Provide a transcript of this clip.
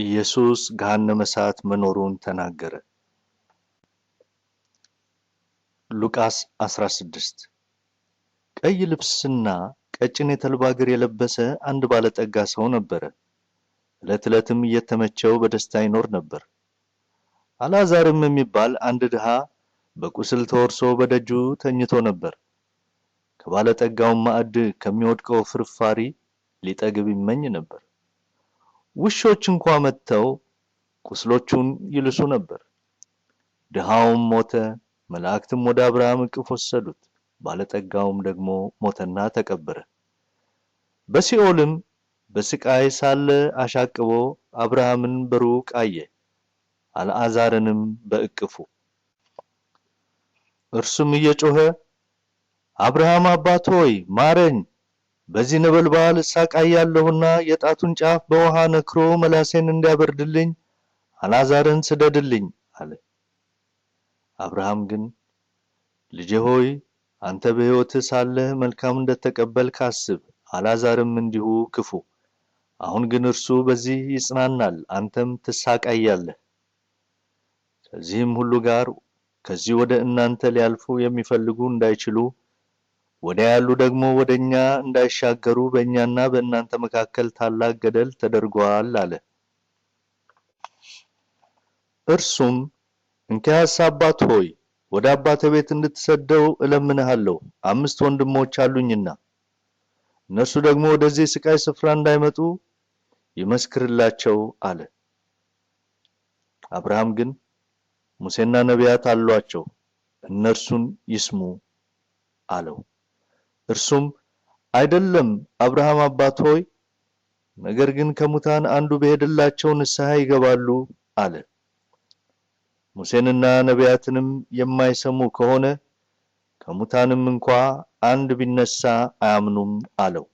ኢየሱስ ገሃነመ እሳት መኖሩን ተናገረ። ሉቃስ 16 ቀይ ልብስና ቀጭን የተልባ እግር የለበሰ አንድ ባለጠጋ ሰው ነበረ። ዕለት ዕለትም እየተመቸው በደስታ ይኖር ነበር። አላዛርም የሚባል አንድ ድሃ በቁስል ተወርሶ በደጁ ተኝቶ ነበር። ከባለጠጋውም ማዕድ ከሚወድቀው ፍርፋሪ ሊጠግብ ይመኝ ነበር። ውሾች እንኳ መጥተው ቁስሎቹን ይልሱ ነበር። ድሃውም ሞተ፣ መላእክትም ወደ አብርሃም እቅፍ ወሰዱት። ባለጠጋውም ደግሞ ሞተና ተቀበረ። በሲኦልም በስቃይ ሳለ አሻቅቦ አብርሃምን በሩቅ አየ፣ አልዓዛርንም በእቅፉ። እርሱም እየጮኸ አብርሃም አባት ሆይ ማረኝ በዚህ ነበልባል እሳቃያለሁና የጣቱን ጫፍ በውሃ ነክሮ መላሴን እንዲያበርድልኝ አላዛርን ስደድልኝ አለ። አብርሃም ግን ልጄ ሆይ አንተ በህይወት ሳለህ መልካም እንደተቀበልክ አስብ፣ አላዛርም እንዲሁ ክፉ። አሁን ግን እርሱ በዚህ ይጽናናል፣ አንተም ትሳቃያለህ። ከዚህም ሁሉ ጋር ከዚህ ወደ እናንተ ሊያልፉ የሚፈልጉ እንዳይችሉ ወዲያ ያሉ ደግሞ ወደ እኛ እንዳይሻገሩ በእኛና በእናንተ መካከል ታላቅ ገደል ተደርጓል አለ። እርሱም እንኪያስ አባት ሆይ ወደ አባተ ቤት እንድትሰደው እለምንሃለሁ፣ አምስት ወንድሞች አሉኝና እነርሱ ደግሞ ወደዚህ ስቃይ ስፍራ እንዳይመጡ ይመስክርላቸው አለ። አብርሃም ግን ሙሴና ነቢያት አሏቸው፣ እነርሱን ይስሙ አለው። እርሱም አይደለም አብርሃም አባት ሆይ ነገር ግን ከሙታን አንዱ በሄደላቸው ንስሐ ይገባሉ አለ። ሙሴንና ነቢያትንም የማይሰሙ ከሆነ ከሙታንም እንኳ አንድ ቢነሳ አያምኑም አለው።